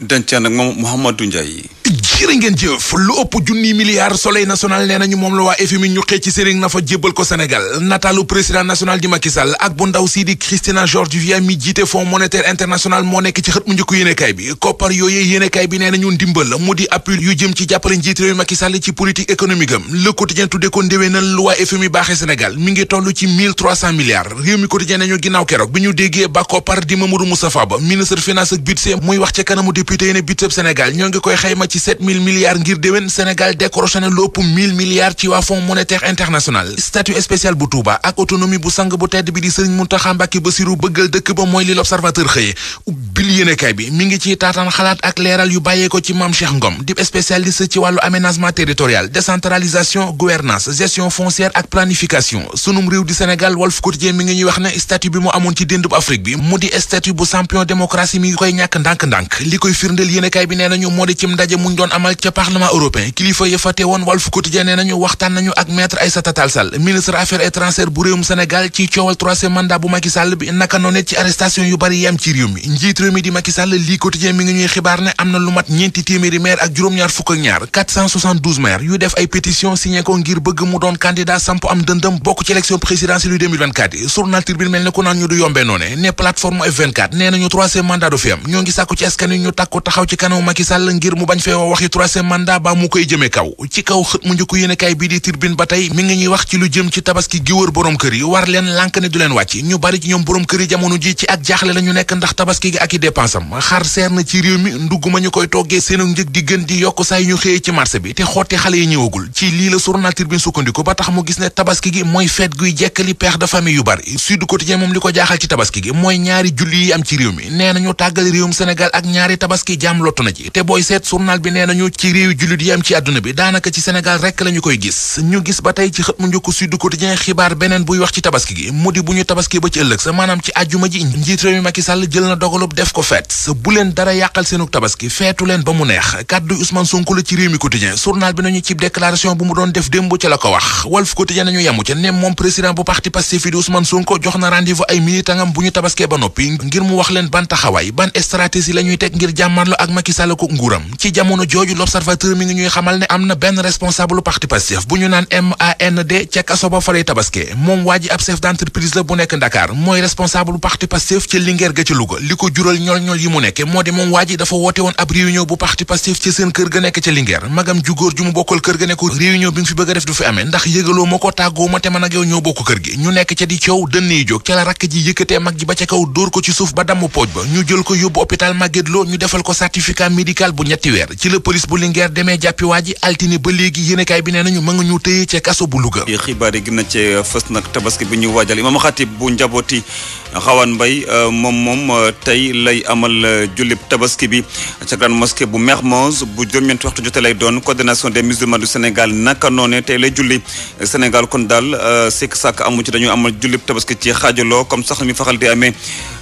denc nag moom Mouhamadou Ndiaye jërë ngeen jëf lu ëpp junni milliard soleil national nee nañu moom la waa FMI ñu xëy ci Serigne Nafa jébbal ko Sénégal nataalu président national di Macky ak bu ndaw sii di Christina Georgieva mi jiite fonds monétaire international moo nekk ci xët mu njëkk bi koppar yooyee yéenekaay bi nee nañu ndimbal mu di appui yu jëm ci jàppale njiit réew Macky ci politique économique am le quotidien tudde ko ndéwénal lu waa FMI ngi toll ci 1300 milliards yi ne budget mille milliards ngir déwén Sénégal décroché na lu ëpp milliards ci waa fonds international statut spécial bu Touba ak autonomie bu sang bu tedd bi di Sëriñ Muntaxa Mbàkke Basiru bëggal dëkk ba mooy li l'observateur xëye ubbil yéenekaay bi mi ngi ciy taataan xalaat ak leeral yu bàyyee ci Maam Cheikh Ngom di spécialiste ci wàllu aménagement territorial décentralisation gouvernance gestion foncière ak planification sunum réew di Sénégal Walf Quotidien amal ca parlement européen kilifa ya fa teewoon Walf Quotidien nee nañu waxtaan nañu ak maître Aïssata Tall Sall ministre affaires étrangères bu réewum Sénégal ci coowal mandat bu Macky Sall bi naka noonu mi ngi ñuy xibaar ne am na lu mat ñeenti téeméeri maire ak juróom-ñaar fukk ak ñaar 472 maire yu def ay pétition signé ko ngir bëgg mu doon candidat samp am dëndëm bokk ci élection présidentielle yu 2024 yi mel ne ku naan ñu du yombee noone ne plateforme ci troisième mandat ba mu koy jëme kaw ci kaw xët mu njëkk yéenekaay bii di Tribune ba tey mi ngi ñuy wax ci lu jëm ci tabaski gi wër borom kër yi war leen lànk ne du leen wàcc ñu bari ci ñoom borom kër yi jamono ji ci ak jaaxle la ñu nekk ndax tabaski gi ak i dépense am xar seer na ci réew mi ndugg ma ñu koy toggee seen njëg di gën di yokk saa yu ñu xëyee ci marché bi te xotti xale yi ñëwagul ci lii la journal Tribune sukkandiku ba tax mu gis ne tabaski gi mooy fête guy jekkali père de famille yu bari Sud Quotidien moom li ko jaaxal ci tabaski gi mooy ñaari julli yi am ci réew mi nee nañu tàggal réewum Sénégal ak ñaari tabaski jaam lottu na ci nañu ci réew jullit yi am ci àdduna bi daanaka ci Sénégal rek la ñu koy gis ñu gis ba tey ci xët mu njëkk Sud Quotidien xibaar beneen buy wax ci tabaski gi mu di bu ñu tabaski ba ci ëllëg sa maanaam ci àjjuma ji njiit réew mi Macky Sall jël na dogalub def ko feet bu leen dara yàqal seenug tabaski feetu leen ba mu neex kàddu Ousmane Sonko la ci réew mi Quotidien journal bi nañu ci déclaration bu mu doon def démb ca la ko wax Walf Quotidien nañu yemu ca ne moom président bu parti Pastef fi di Ousmane Sonko jox na rendez-vous ay mu wax leen ban taxawaay ban stratégie la ñuy teg ngir jàmmarlo ak Macky Sall ko nguuram ci jamono jooju jooju l'observateur mi ngi mooy responsable parti moo di moom waa dafa woote woon ab réunion bu parti Pastef ci seen kër ga nekk ca Linguère magam ju ju mu bokkal kër ga ne réunion bi nga fi bëgg a def du fi amee ndax yëgaloo ma ko tàggoo te man ak yow ñoo bokk kër gi ñu nekk ca di coow dënn yi jóg ca la rakk ji yëkkatee mag ji ba ca kaw dóor ko ci suuf ba damm pooj ba ñu jël ko yóbbu hôpital Magatte ñu defal ko certificat médical bu ñetti weer ci la bu Linguère demee jàppi waa ji altine ba léegi yéenekaay bi nee nañu ma nga ñu téye ca kaso bu Louga xibaar yi gën a ci fës nag tabaski bi ñuy waajal imaam xatib bu njabooti xawaan mbay euh, moom moom euh, tey lay amal euh, jullib tabaski bi ca grande mosquée bu Mermoz bu juróom-ñeenti waxtu jotee lay doon coordination des musulmans du Sénégal naka noone tey lay julli Sénégal kon daal sikk sàkk amu ci dañu amal jullib tabaski ci xaajaloo comme sax mi faxal di amee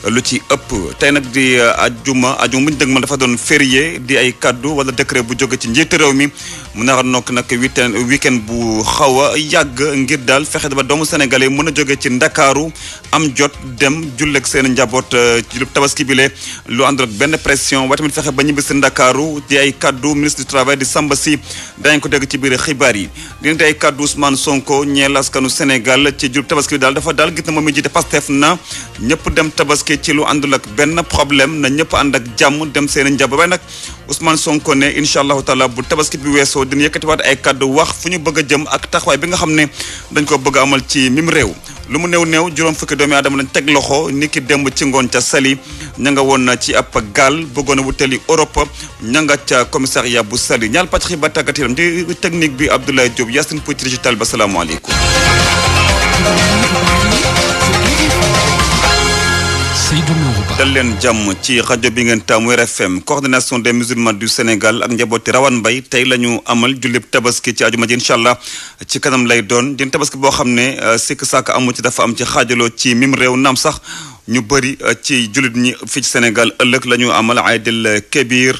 lu ci ëpp tey nag di ajuma ajuma bu ñu dëgg ma dafa doon férié di ay kaddu wala dëkk décret bu jóge ci njiitu réew mi mu na a nokk nag weekend weekend bu xaw a yàgg ngir daal fexe ba doomu sénégalais mën a joge ci ndakaaru am jot dem julleeg seen njaboot euh, ci lu tabaski bi le lu àndul benn pression waaye tamit fexe ba ñibbi si ndakaaru di ay kaddu ministre du travail di Samba Sy dañ ko dégg ci biir xibaar yi dina ay kàddu Ousmane Sonko ñeel askanu Sénégal ci jub tabaski bi daal dafa daal gis na moom mi jiite Pastef na ñëpp dem tabaski ci lu àndul benn problème na ñëpp ànd ak jàmm dem seen njaboot waaye nag incha allahu taala bu tabaski bi weesoo dina yëkkatiwaat ay kàddu wax fu ñu bëgg a jëm ak taxawaay bi nga xam ne dañ ko bëgg amal ci mim réew lu mu néew néew juróom fukki doomi aadama lañ teg loxo ni ki démb ci ngoon ca sali ña nga woon ci ab gaal bëggoon a wutali Europe ña ñanga ca commissariat bu Saly ñaal pàcc xi ba tàggat yaram di technique bi Abdoulaye Diop Yacine Pouy ci digital ba salaamaaleykum leen jàmm ci rajo bi ngeen taamu RFM coordination des musulmans du Sénégal ak njabooti rawan mbay tey lañu amal jullib tabaski ci ajuma ji incha allah ci kanam lay doon din tabaski boo xam ne euh, sikk sakk amu ci dafa am ci xaajaloo ci mim réew naam sax ñu bëri euh, ci jullit ñi fii ci Sénégal ëllëg la ñu amal aydil kebir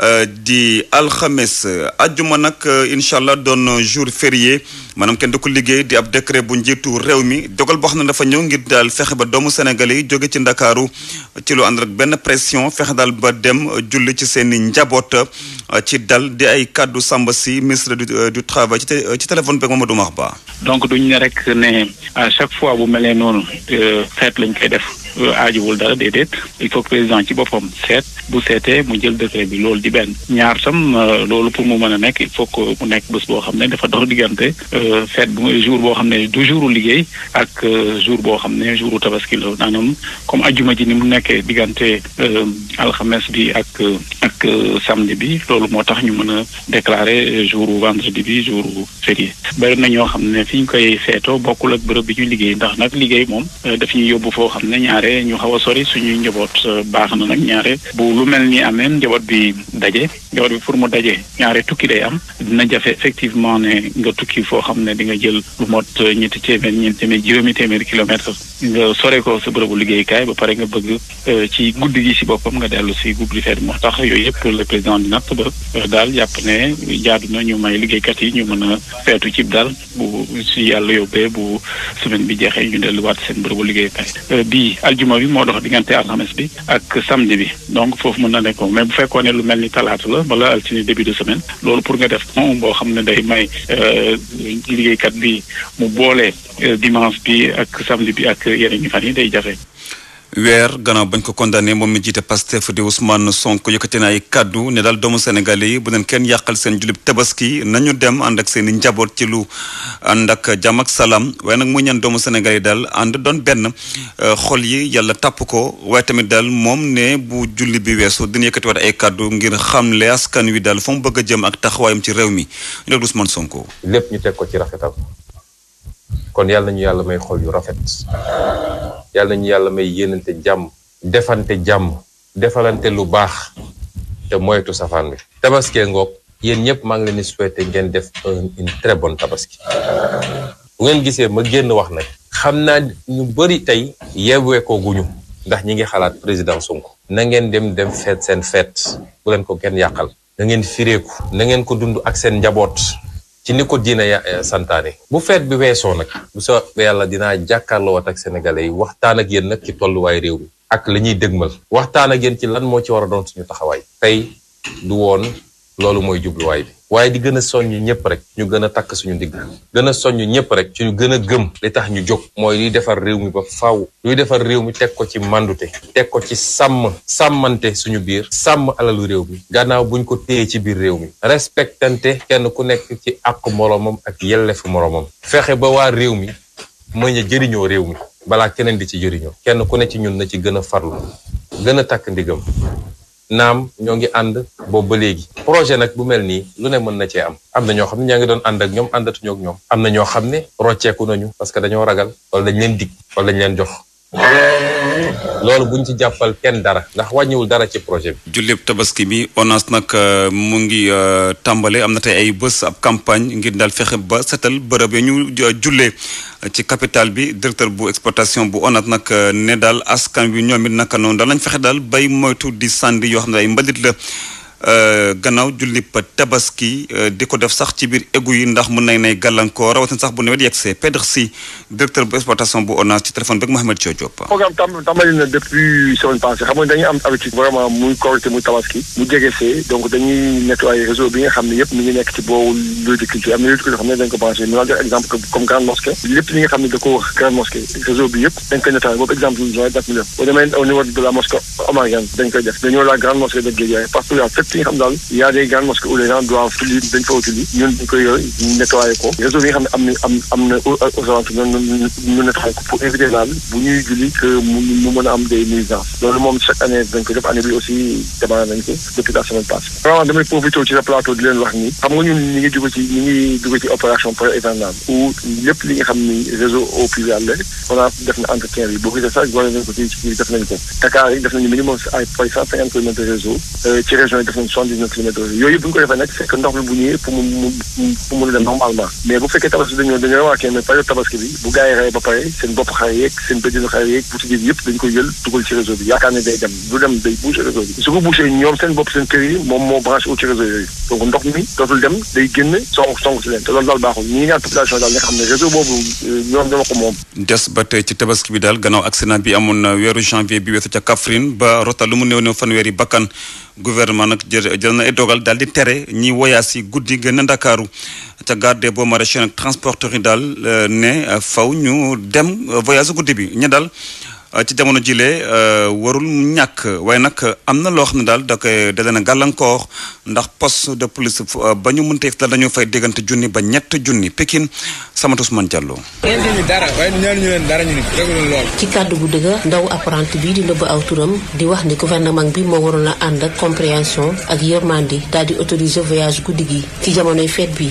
Euh, di alxames ajjuma nag euh, incha doon jour férié maanaam kenn du ko liggéey di ab décret bu njiitu réew mi dogal boo xam ne dafa ñëw ngir daal fexe ba doomu Sénégal yi jóge ci ndakaaru ci lu ànd ak benn pression fexe daal ba dem euh, julli ci seen i njaboot ci dal di ay kàddu Samba si ministre du travail ci téléphone beeg Mamadou Makhba. donc duñ ne rek ne à chaque fois bu mel noonu fête lañ koy def. aajowul dara déedéet il faut président ci boppam seet bu seetee mu jël décret bi loolu di benn ñaar tam euh, loolu pour mu mën a nekk il faut que mu nekk bés boo xam ne dafa dox diggante fête euh, bu jour boo xam ne du jouru liggéey ak euh, jour boo xam ne jouru tabaski la maanaam comme ajuma ji ni mu nekkee diggante alxames bi ak ak samedi bi loolu moo tax ñu mën a déclarer jouru vendredi bi jouru férié bëri na ñoo xam ne fi ñu koy feetoo bokkul ak bërëb bi ñu liggéey ndax nag liggéey moom daf ñuy ñaare ñu xaw a sori suñuy njaboot euh, baax na nag ñaare bu lu mel ni amee njaboot bi daje njaboot bi pour mu daje ñaare tukki day am dina jafe effectivement ne nga tukki foo xam ne di nga jël lu mot euh, ñetti téeméer ñeenti téeméer juróomi téeméer kilomètre nga sore ko sa bërëbu liggéeykaay ba pare nga bëgg euh, ci guddi gi si boppam nga dellu si guddi feet moo tax yooyu yëpp le président di natt ba daal jàpp ne jaadu na ñu may liggéeykat yi ñu mën a feetu cib daal bu si yàlla yóbbee bu semaine bi jeexee ñu delluwaat seen bërëbu liggéeykaay aljuma bi moo dox diggante alxames bi ak samedi bi donc foofu mën na nekkoon mais bu fekkoon ne lu mel ni talaata la wala altine début de semaine loolu pour nga def moom boo xam ne day may euh, kat bi mu boolee euh, dimanche bi ak samedi bi ak yeneen ñi fan yi day jafe weer gannaaw bañ ko condamné moom mi jiite Pastef di Ousmane Sonko yëkkati na ay kàddu ne daal doomu Sénégal yi bu leen kenn yàqal seen julib tabaski nañu dem ànd ak seen i njaboot ci lu ànd ak jàmm ak salaam waaye nag muy ñaan doomu Sénégal yi daal ànd doon benn euh, xol yi yàlla tàpp ko waaye tamit daal moom ne bu jullit bi weesu dina yëkkatiwaat ay kàddu ngir xamle askan wi daal fa bëgg a jëm ak taxawaayam ci réew mi ñu déglu Ousmane Sonko. lépp ñu teg ko ci rafetal. kon yàlla na ñu yàlla may xol yu rafet yàlla nañu yàlla may yéenante jàmm defante jàmm defalante lu baax te moytu safaan bi tabaskee ngoog yéen ñëpp maa ngi leen di souhaiter ngeen def un une très tabaski bu ngeen gisee ma génn wax nag xam naa ñu bëri tey yeeweekooguñu ndax ñi ngi xalaat président Sonko na ngeen dem dem feet seen feet bu leen ko kenn yàqal na ngeen fireeku na ngeen ko dund ak seen njaboot ci ni ko diina eh, santaane bu feet bi weesoo nag bu sa yàlla dinaa jàkkaarloowaat ak sénégalais yi waxtaan ak yéen nag ci tolluwaay réew mi ak la ñuy dëgmal waxtaan ak yéen ci lan moo ci war a doon suñu taxawaay tey du woon loolu mooy jubluwaay bi waaye di gën a soññ ñëpp rek ñu gën a takk suñu ndigg gën a soññ ñëpp rek ci ñu gën a gëm li tax ñu jóg mooy luy defar réew mi ba faaw luy defar réew mi teg ko ci màndute teg ko ci sàmm sàmmante suñu biir sàmm alalu réew mi gànnaaw buñ ko téye ci biir réew mi respectante kenn ku nekk ci àq moroomam ak yellefu moroomam fexe ba waa réew mi mën a jëriñoo réew mi balaa keneen di ci jëriñoo kenn ku nekk ci ñun na ci gën a farlu gën a takk ndigam naam ñoo ngi ànd boobu ba léegi projet nag bu mel nii lu ne mën na cee am am na ñoo xam ne ñaa ngi doon ànd ak ñoom àndatuñoo ak ñoom am na ñoo xam ne rocceeku nañu parce que dañoo ragal o dañ leen dig wala dañ leen jox loolu buñ ci jàppal kenn dara ndax wàññiwul dara ci projet bi. jullib tabaski bi ONAS nag euh, mu ngi euh, tàmbale am na tey ay bés ab campagne ngir daal fexe ba setal bërëb yi ñu jullee ci capital bi directeur bu exploitation bu ONAS nag euh, ne daal askan wi ñoom it naka noonu daal lañ fexe daal bay moytu di sandi yoo xam ne ay mbalit la. Euh, gannaaw julli pa tabaski euh, di ko def sax ci biir égout yi ndax mën nañ nay gàllankoor rawatina sax bu nawet yegg see Pedre Sy directeur bu exploitation bu ONAS ci téléphone beeg Mouhamed Thio Diop. na depuis semaine passée xam nga dañuy mu jege see donc dañuy nettoyer réseau bi nga xam ne yëpp mi ngi nekk ci boobu lieu de culture am na lieu de culture xam ne dañ ko pensé ñu ne da ko grande mosquée réseau bi yëpp dañ koy nettoyer boobu exemple bi ñu daf ñu def au niveau de la mosquée omarienne fi nga xam daal yaa des grandes mosquées où les gens doivent julli dañ fa julli ñun ko réseau bi nga xam ne am na am am na ko pour éviter daal bu ñuy julli que mu mën a am des nuisances loolu moom chaque année dañ ko def année bi aussi demandé nañ ko depuis la semaine passée vraiment damay profité ci sa plateau di leen wax ni xam nga ñun ñi ngi dugg ci ñi ngi dugg ci opération pré-hivernale où lépp li nga xam ni réseau au privé la on a def na entretien bi boo nañ soixante-dix-neuf kilomètres heure yooyu yëpp bu ñu ko defee nag fekk ndox mi bu ñëwee pour mu mu pour bi bu gars yi rey ba pare seen yëpp dañ koy jël dugal ci réseau bi yaakaar ne seen bopp seen kër yi baaxul ñi ñaan nga ne réseau euh, ko moom des ba tey ci tabaski bi daal gannaaw accident bi amoon weeru janvier bi weesu ca Kaffrine ba rota lu mu néew néew fanweeri bakkan gouvernement nag jë jël na ay dogal daal di tere ñi woyaas yi guddi gën ndakaaru ca garde boo maraîcher nag transporteur yi daal euh, ne euh, faw ñu dem euh, voyage guddi bi ña daal Euh, ci jamono jile euh, warul ñàkk waaye nag euh, am na loo xam ne daal da koy da leen gàllankoor ndax post de police ba ñu mënta dal dañu fay diggante junni ba ñett junni Pikine Samatou Ousmane Diallo. dara waaye ñaanuñu leen dara ci kàddu gu dëgg ndaw apprenti bii di nëbb aw di wax ni gouvernement bi moo waroon a ànd ak compréhension ak yërmandi daal di autoriser voyage guddi gi ci jamonoy fête bi.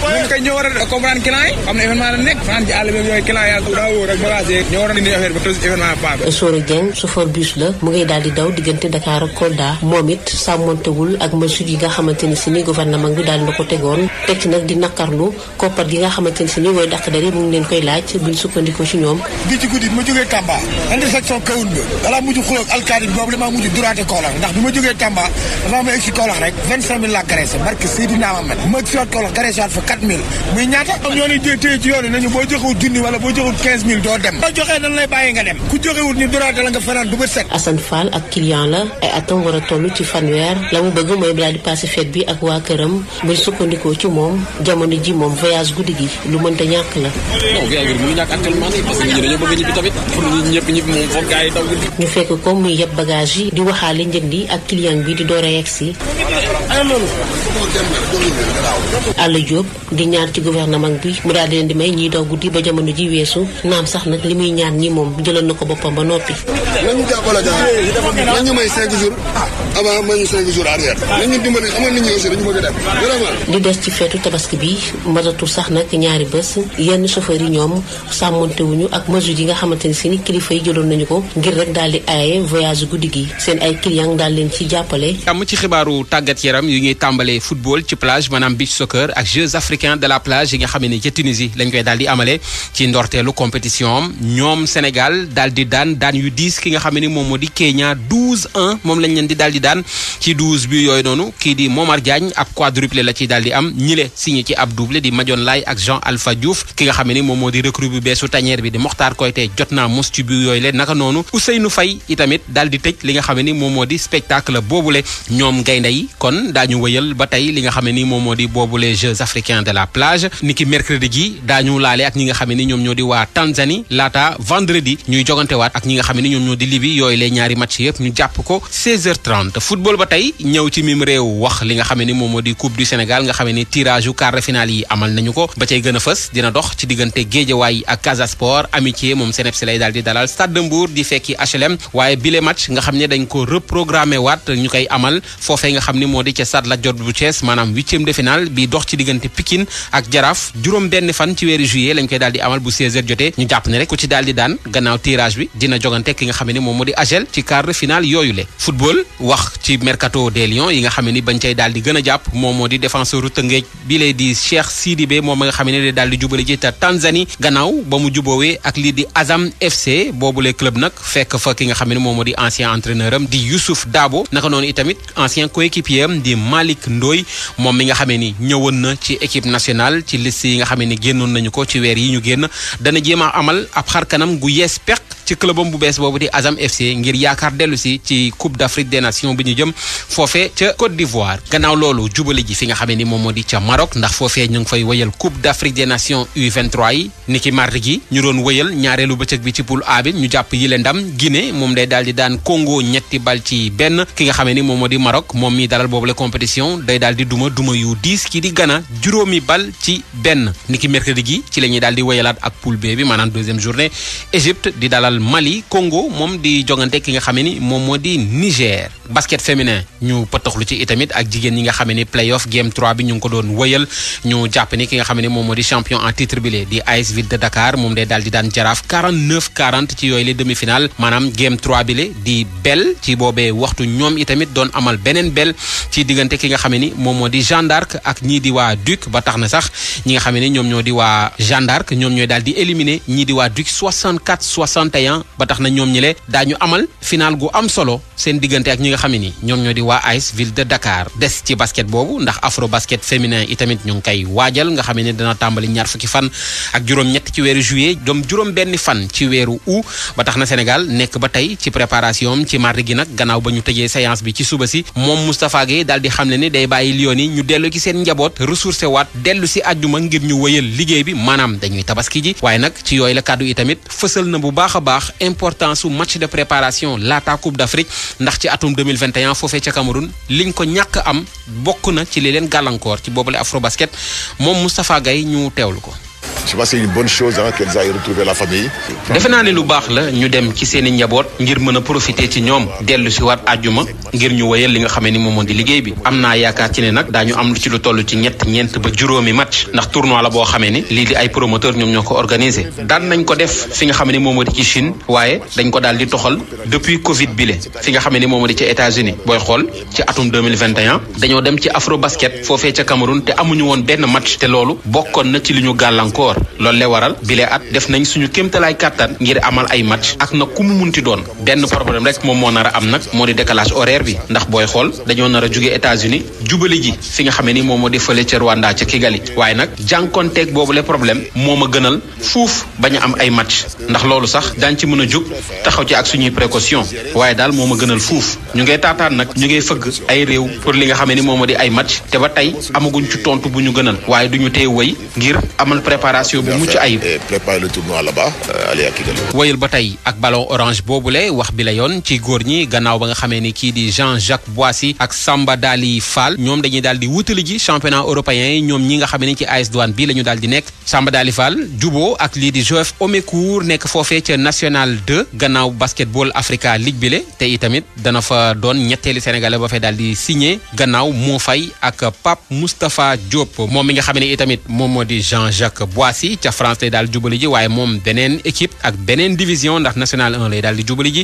Koore Dieng chauffeur bus la mu ngay daal di daw diggante Dakar ak Kolda moom it sàmmontewul ak mesures yi nga xamante ne si ni gouvernement bi daal na ko tegoon teg ci nag di nakarlu koppar gi nga xamante ne si ni way dàq dare mu ngi leen koy laaj buñ sukkandikoo ci ñoom bi ci guddi bi ma jógee Tamba intersection Kawoun ba dalaa mujj xulóog alkaati bi boobu damaa mujj duraate Kaolack ndax bi ma jógee Tamba damaa ma egg si Kaolack rek vingt cinq mille la graissé barke Seydina Ahmed ma egg si waat Kaolack graissé waat fa quatre mille muy ñaata am ñoo ni téye ci yoon nañu boo joxewul junni wala boo joxewul quinze mille doo dem boo joxee nan lay bàyyi nga dem ku joxewul ni sóoraate la ak client la ay atam war a ci fanweer la mu bëgg mooy daal di passé fête bi ak waa këram bu sukkandikoo ci moom jamono ji moom voyage guddi gi lu mënta ñàkk la. non voyage mu ñàkk actuellement yi ñu fekk ko muy yeb bagage yi di waxaale njëg li ak client bi di door a yegg si. Alla di ñaar ci gouvernement bi mu daal di leen di may ñiy daw guddi ba jamono ji weesu naam sax nag li muy ñaan ñi moom jëlal na ko boppam ba noppi nan ñu jàppale daal nan ñu may ñu cinq jours arrière nan ñu des ci feetu tabaski bi matatu sax nag ñaari bés yenn chauffeurs yi ñoom sàmmantewuñu ak mesures yi nga xamante ni seeni kilifa yi jëloon nañu ko ngir rek daal di aaye voyage guddi gi seen ay clients daal leen ci jàppale am ci xibaaru tàggat yaram yu ñuy tàmbalee football ci plage maanaam beach soccer ak Jeux africains de la plage yi nga xam ne ca Tunisie lañ koy daal di amale ci ndorteelu compétition am ñoom Sénégal daal di daan daan yu diis ki nga xam ne moom moo di Kenya 12-1 moom lañ di daal di daan ci 12 bi yooyu noonu kii di Momar Diagne ab quadruplé la ci daal di am ñile signé ci ab doublé di Madione Laye ak Jean Alpha Diouf ki nga xam ne moom di recrue bu beesu tanière bi di Mokhtar Koyte jot naa mos ci bi yooyu le naka noonu Ousseynou Faye itamit daal di tëj li nga xam ne moom di spectacle boobule ñoom gaynde yi kon daañu wëyal ba tey li nga xam ni moom di boobule xam ne ñoom ñoo di Libye yooyu lay ñaari match wax li nga xam ne moom moo di coupe du Sénégal nga xam ne tirage yu quart de finale yi amal nañu ko ba cay gën a fës dina dox ci diggante Guédiawaye ak Casa amitié moom CNEPS lay daal di dalal Stade de Mbour di fekki HLM waaye bile match nga xam ne dañ ko reprogrammé waat ñu koy amal foofee nga xam ni moo di ca Stade Lat Dior bu Thiès maanaam huitième de finale bi dox ci diggante Pikine ak Jaraaf juróom benn fan ci weeru juillet lañ koy daal di amal bu 16h jotee ñu jàpp ne rek ku ci daal di daan gannaaw tirage bi dina jogan jongante ki nga xam ne moom moo di AGEL ci quart de finale yooyu le football wax ci mercato des lions yi nga xam ni bañ cay daal di gën a jàpp moom moo di défenseur Tëngéej bi lay di Cheikh moom ma nga xam ne day di jubale ji ta Tanzanie gannaaw ba mu juboowee ak lii di Azam FC boobule club nag fekk fa ki nga xam ne moom moo di ancien entraîneur di Youssouf Dabo naka noonu itamit ancien coéquipier am di Malick Ndoy moom mi nga xam ni ñëwoon na ci équipe nationale ci a bees boobu di Azam FC ngir yaakaar dellu si ci Coupe d'Afrique des Nations bi ñu jëm foofe ca Côte d'Ivoire gannaaw loolu jubali ji fi nga xam ne ni moom moo di ca Maroc ndax foofee ñu ngi fay wëyal Coupe d'Afrique des Nations U23 yi ni ki mardi gi ñu doon wëyal ñaareelu bëccëg bi ci poule A bi ñu jàpp yile ndam gine moom day daal di daan Congo ñetti bal ci benn ki nga xam ne ni moom moo di Maroc moom mii dalal boobu la compétition day daal di duma duma yu diis kii di Ghana juróomi bal ci benn ni ki mercredi gi ci la ñuy daal di wëyalaat ak poule bi maanaam deuxième journée di dalal Mali Congo moom di jongante ki nga xamee ni moom moo di Niger basket féminin ñu pëtaxlu ci itamit ak jigéen ñi nga xamee ni playoff game 3 bi ñu ngi ko doon wëyal ñu jàpp ni ki nga xamee ni moom moo di champion en titre bi lee di AS Ville de Dakar moom day daal di daan jaraaf 49 40 ci yooyu la demi-finale maanaam game 3 bi di bel ci boobee waxtu ñoom itamit doon amal beneen bel ci diggante ki nga xamee ni moom moo di Jeanne d'Arc ak ñii di waa Duc ba tax na sax ñi nga xamee ni ñoom ñoo di waa Jeanne d'Arc ñooy daal di éliminer ñii di waa Duc 64 tax na ñoom ñi le amal final gu am solo seen diggante ak ñi nga xam ne ni ñoom ñoo di waa AS Ville de Dakar des ci basket boobu ndax afro basket féminin itamit ñu ngi koy waajal nga xam ne dana tàmbali ñaar fukki fan ak juróom-ñett ci weeru juillet doom juróom-benn fan ci weeru août ba tax na Sénégal nekk ba tey ci préparation ci mardi gi nag gannaaw ba ñu tëjee séance bi ci suba si moom Moustapha Gueye daal di xam ne ni day bàyyi Lions yi ñu dellu ci seen njaboot ressourcé waat dellu si àjjuma ngir ñu wëyal liggéey bi maanaam dañuy tabaski ji waaye nag ci yooyu la kàddu itamit fësal importance su match de préparation laata Coupe d'Afrique ndax ci atum 2021 foofee ca Cameroun liñ ko ñàkk am bokk na ci li leen gàllankoor ci boobale Afrobasket moom Moustapha Gaye ñu teewlu ko je pense que la famille. defe naa ne lu baax la ñu dem ci seen i njaboot ngir mën a profiter ci ñoom dellu si waat àjjuma ngir ñu woyal li nga xamee ni moom moo di liggéey bi am na yaakaar ci ne nag daañu am lu ci lu toll ci ñett ñeent ba juróomi match ndax tournoi la boo xamee ni lii di ay promoteur ñoom ñoo ko organisé daan nañ ko def fi nga xam ne moom moo di ci Chine waaye dañ ko daal di toxal depuis Covid bi le fi nga xam ne moom moo di ci États-Unis booy xool ci atum 2021 dañoo dem ci encore loolu la waral bile at def nañ suñu kéemtalaay kàttan ngir amal ay match ak nag ku mu munti doon benn problème rek moom moo nar a am nag moo di décalage horaire bi ndax booy xool dañoo nar a jugee États-Unis jubali ji fi nga xamee ni moom moo di fële ca Rwanda ca Kigali waaye nag jànkonteeg boobu le problème moo ma gënal fuuf bañ a am ay match ndax loolu sax daañ ci mën a jug taxaw ci ak suñuy précaution waaye daal moo ma gënal fuuf ñu ngay taataan nag ñu ngay fëgg ay réew pour li nga xamee ni moom moo di ay match te ba tey amaguñ ci tontu bu ñu gënal waaye préparation bu euh, ba tey ak ballon orange boobule wax bi la yoon ci góor ñi gannaaw ba nga xamee ni kii di Jean-Jacques Boissy ak Samba Dali ñoom dañuy daal di wutali ji championnat européen yi ñoom ñi nga xamee ni ci AS Douane bi la ñu daal di nekk Samba Dali Fall juboo ak lii di Joëf Omekour nekk foofee ca national 2 gannaaw basketball Africa League bi le te itamit dana fa doon ñetteeli sénégalais ba fay daal di signé gannaaw moo fay ak Pape Moustapha Diop moom mi nga Boissy ca France lay daal jubale jubali ji waaye moom beneen équipe ak beneen division ndax national 1 lay daal di jubali ji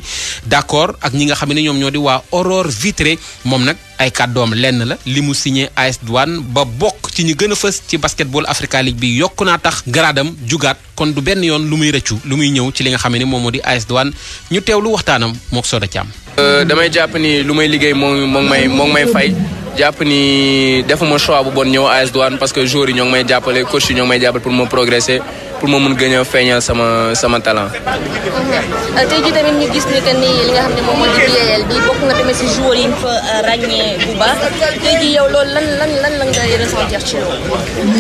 d'accord ak ñi nga xam ne ñoom ñoo di waa Aurore Vitré moom nag ay kàddoom lenn la li mu signé AS Douane ba bokk ci ñu gën a fës ci basketball Africa League bi yokk naa tax garaadam jugaat kon du benn yoon lu muy rëccu lu muy ñëw ci li nga xam ne moom moo di AS Douane ñu teewlu waxtaanam mook Soda Thiam. Euh, damay jàpp ni lu may liggéey moo moom may moom may fay jàpp ni defuma choix bu bon ñëw AS Douane parce que joueurs yi ñoo may jàppale coach ñoo may jàppale pour ma progresser. pour ma mën gën a sama sama talent. Euh, di BAL bi bokk nga tamit si joueur yi ñu fa euh, ràññee bu baax loolu lan lan lan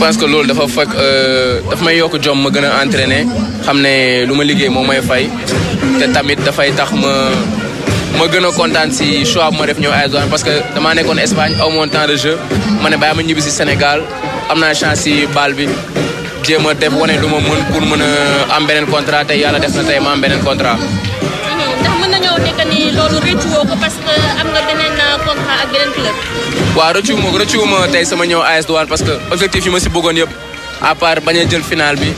parce que loolu dafa fekk euh, daf may yokk jom ma gën a xam ne lu ma liggéey moom may fay te tamit dafay tax ma. ma gën a kontaan si choix bu ma def ñëw AS Douanes parce que damaa nekkoon Espagne aw moon temps de jeu ma ne bàyyi ma ñibbi si Sénégal am naa chance si baal bi jéem a def wane lu ma mën pour mën a am beneen contrat yàlla def na tey ma am beneen contrat. mën nañoo nekk ni loolu rëccu woo parce que am nga beneen euh, contrat ak beneen club. waaw rëccu ma ma tey sama ñëw AS Douane parce que objectif yi ma si bëggoon yëpp à part bañ jël final bi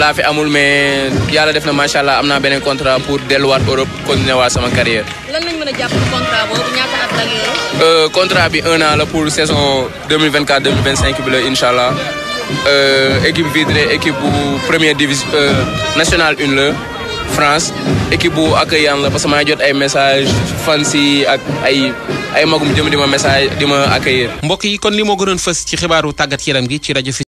laa fi amul mais yàlla def na macha allah am na beneen contra pour delluwaat Europe continuer waat sama carrière. lan lañ mën a jàpp contrat euh, bi un an la pour saison 2024 2025 bi la incha allah euh, équipe Vidré équipe bu première division nationale une la. France équipe bu accueillant la parce que a jot ay message fans yi ak ay ay magum jëm di ma message di ma accueillir. mbokk yi kon li moo gënoon fës ci xibaaru tàggat yaram gi ci rajo. fi